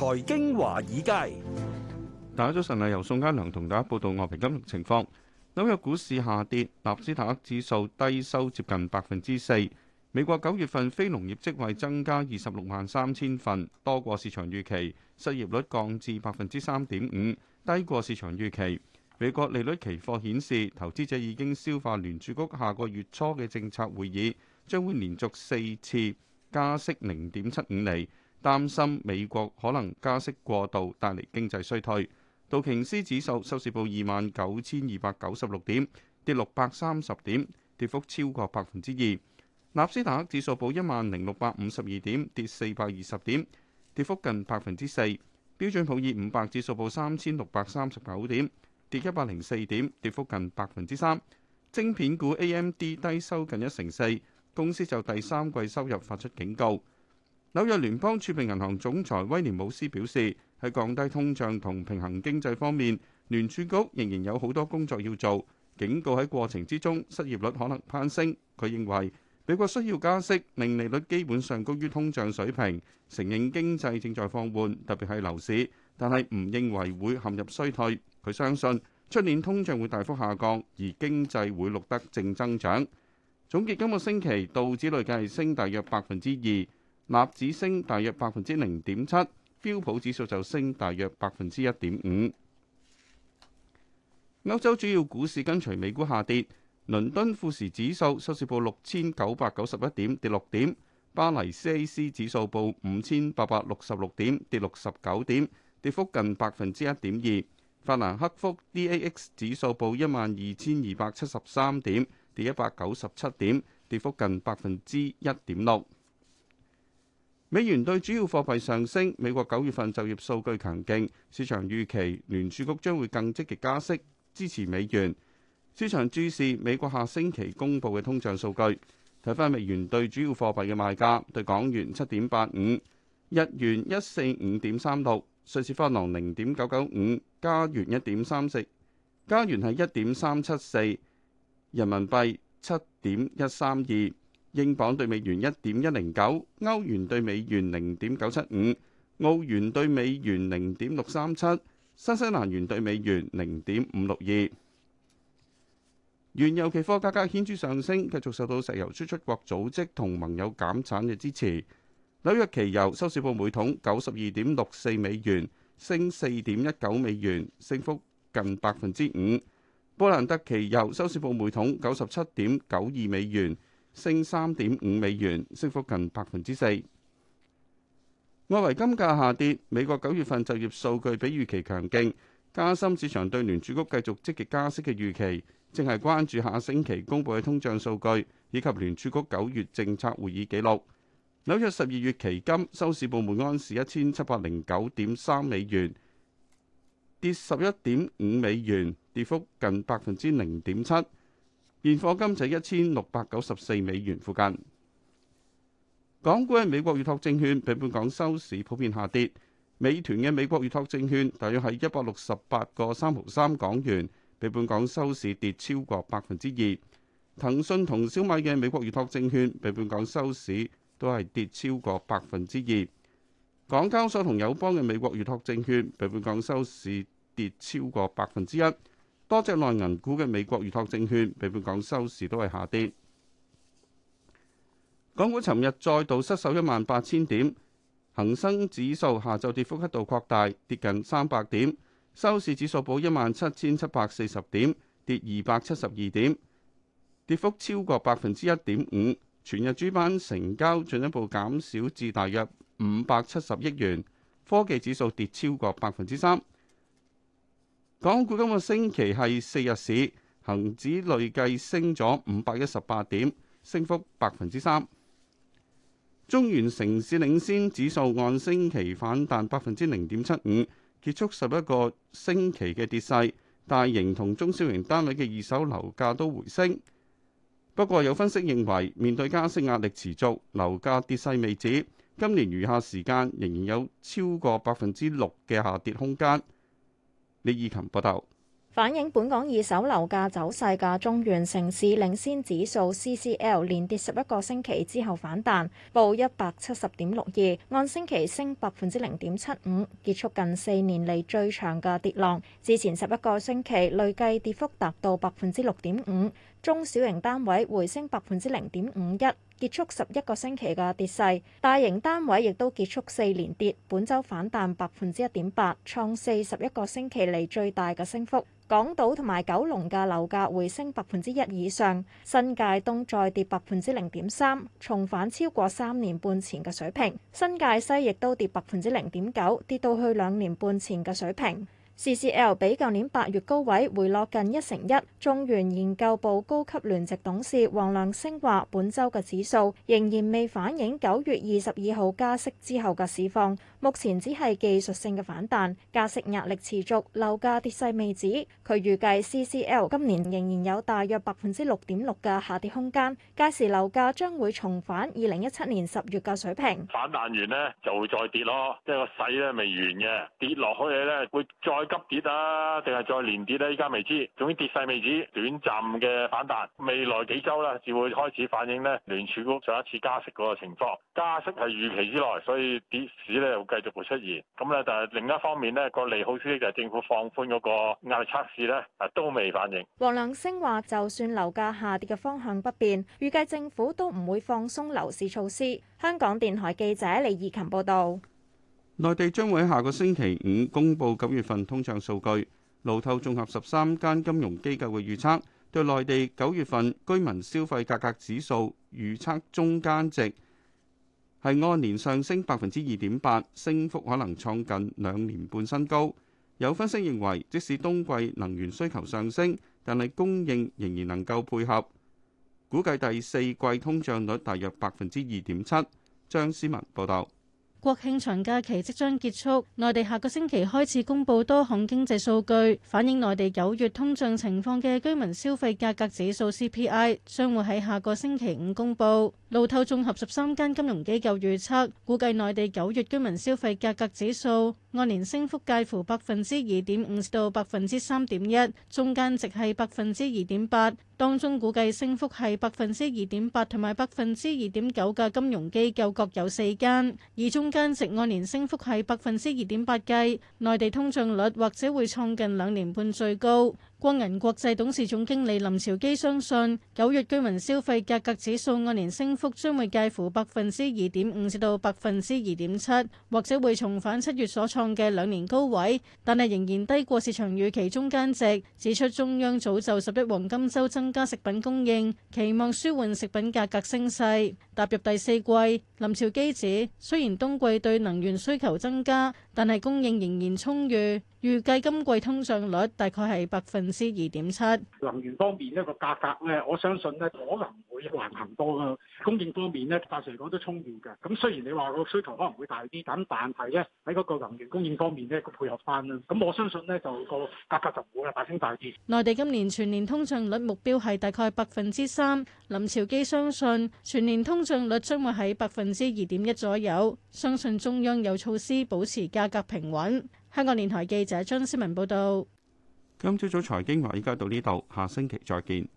財經華爾街，大家早晨啊！由宋嘉良同大家報道外圍金融情況。紐約股市下跌，納斯達克指數低收接近百分之四。美國九月份非農業職位增加二十六萬三千份，多過市場預期。失業率降至百分之三點五，低過市場預期。美國利率期貨顯示，投資者已經消化聯儲局下個月初嘅政策會議，將會連續四次加息零點七五厘。擔心美國可能加息過度，帶嚟經濟衰退。道瓊斯指數收市報二萬九千二百九十六點，跌六百三十點，跌幅超過百分之二。納斯達克指數報一萬零六百五十二點，跌四百二十點，跌幅近百分之四。標準普爾五百指數報三千六百三十九點，跌一百零四點，跌幅近百分之三。晶片股 AMD 低收近一成四，公司就第三季收入發出警告。紐約聯邦儲備銀行總裁威廉姆斯表示，喺降低通脹同平衡經濟方面，聯儲局仍然有好多工作要做，警告喺過程之中失業率可能攀升。佢認為美國需要加息，令利率基本上高於通脹水平。承認經濟正在放緩，特別係樓市，但係唔認為會陷入衰退。佢相信出年通脹會大幅下降，而經濟會錄得正增長。總結今個星期，道指累計升大約百分之二。納指升大約百分之零點七，標普指數就升大約百分之一點五。歐洲主要股市跟隨美股下跌，倫敦富時指數收市報六千九百九十一點，跌六點；巴黎 CAC 指數報五千八百六十六點，跌六十九點，跌幅近百分之一點二。法蘭克福 DAX 指數報一萬二千二百七十三點，跌一百九十七點，跌幅近百分之一點六。美元兌主要貨幣上升，美國九月份就業數據強勁，市場預期聯儲局將會更積極加息，支持美元。市場注視美國下星期公布嘅通脹數據。睇翻美元對主要貨幣嘅賣價，對港元七點八五，日元一四五點三六，瑞士法郎零點九九五，加元一點三四，加元係一點三七四，人民幣七點一三二。英鎊兌美元一點一零九，歐元兌美元零點九七五，澳元兌美元零點六三七，新西蘭元兌美元零點五六二。原油期貨價格顯著上升，繼續受到石油輸出國組織同盟友減產嘅支持。紐約期油收市報每桶九十二點六四美元，升四點一九美元，升幅近百分之五。布蘭特期油收市報每桶九十七點九二美元。升三點五美元，升幅近百分之四。外圍金價下跌，美國九月份就業數據比預期強勁，加深市場對聯儲局繼續積極加息嘅預期。正係關注下星期公布嘅通脹數據，以及聯儲局九月政策會議記錄。紐約十二月期金收市報每安士一千七百零九點三美元，跌十一點五美元，跌幅近百分之零點七。現貨金就係一千六百九十四美元附近。港股嘅美國預託證券比本港收市普遍下跌。美團嘅美國預託證券大約係一百六十八個三毫三港元，比本港收市跌超過百分之二。騰訊同小米嘅美國預託證券比本港收市都係跌超過百分之二。港交所同友邦嘅美國預託證券比本港收市跌超過百分之一。多隻內銀股嘅美國預託證券，比本港收市都係下跌。港股尋日再度失守一萬八千點，恒生指數下晝跌幅一度擴大，跌近三百點，收市指數報一萬七千七百四十點，跌二百七十二點，跌幅超過百分之一點五。全日主板成交進一步減少至大約五百七十億元，科技指數跌超過百分之三。港股今個星期係四日市，恒指累計升咗五百一十八點，升幅百分之三。中原城市領先指數按星期反彈百分之零點七五，結束十一個星期嘅跌勢。大型同中小型單位嘅二手樓價都回升，不過有分析認為，面對加息壓力持續，樓價跌勢未止，今年餘下時間仍然有超過百分之六嘅下跌空間。李意琴報道，反映本港二手樓價走勢嘅中原城市領先指數 （CCL） 連跌十一個星期之後反彈，報一百七十點六二，按星期升百分之零點七五，結束近四年嚟最長嘅跌浪。之前十一個星期累計跌幅達到百分之六點五，中小型單位回升百分之零點五一。結束十一個星期嘅跌勢，大型單位亦都結束四連跌，本週反彈百分之一點八，創四十一個星期嚟最大嘅升幅。港島同埋九龍嘅樓價回升百分之一以上，新界東再跌百分之零點三，重返超過三年半前嘅水平。新界西亦都跌百分之零點九，跌到去兩年半前嘅水平。CCL 比舊年八月高位回落近一成一，中原研究部高級聯席董事黃亮星話，本周嘅指數仍然未反映九月二十二號加息之後嘅市況，目前只係技術性嘅反彈，加息壓力持續，樓價跌勢未止。佢預計 CCL 今年仍然有大約百分之六點六嘅下跌空間，屆時樓價將會重返二零一七年十月嘅水平。反彈完呢就會再跌咯，即係個勢咧未完嘅，跌落去呢會再急跌啊，定係再連跌呢？依家未知，總之跌勢未止，短暫嘅反彈，未來幾週呢，就會開始反映呢聯儲局上一次加息嗰個情況。加息係預期之內，所以跌市呢又繼續會出現。咁咧，但係另一方面呢，個利好消息就係政府放寬嗰個壓力測試呢，誒都未反應。黃亮聲話：就算樓價下跌嘅方向不變，預計政府都唔會放鬆樓市措施。香港電台記者李義琴報道。內地將會喺下個星期五公布九月份通脹數據。路透綜合十三間金融機構嘅預測，對內地九月份居民消費價格指數預測中間值係按年上升百分之二點八，升幅可能創近兩年半新高。有分析認為，即使冬季能源需求上升，但係供應仍然能夠配合，估計第四季通脹率大約百分之二點七。張思文報導。國慶長假期即將結束，內地下個星期開始公布多項經濟數據，反映內地九月通脹情況嘅居民消費價格指數 CPI 將會喺下個星期五公布。路透綜合十三間金融機構預測，估計內地九月居民消費價格指數按年升幅介乎百分之二點五至到百分之三點一，中間值係百分之二點八。當中估計升幅係百分之二點八同埋百分之二點九嘅金融機構各有四間，而中間值按年升幅係百分之二點八計，內地通脹率或者會創近兩年半最高。光銀國際董事總經理林朝基相信，九月居民消費價格指數按年升幅將會介乎百分之二點五至到百分之二點七，或者會重返七月所創嘅兩年高位，但係仍然低過市場預期中間值。指出中央早就十一黃金周增加食品供應，期望舒緩食品價格升勢。踏入第四季，林朝基指雖然冬季對能源需求增加，但係供應仍然充裕。預計今季通脹率大概係百分之二點七。能源方面呢個價格咧，我相信咧可能會難行多嘅供應方面咧，暫時嚟講都充裕嘅。咁雖然你話個需求可能會大啲，咁但係咧喺嗰個能源供應方面咧，佢配合翻啦。咁我相信咧就個價格就冇啊，大升大跌。內地今年全年通脹率目標係大概百分之三。林朝基相信全年通脹率將會喺百分之二點一左右，相信中央有措施保持價格平穩。香港電台記者張思文報道。今朝早財經話，依家到呢度，下星期再見。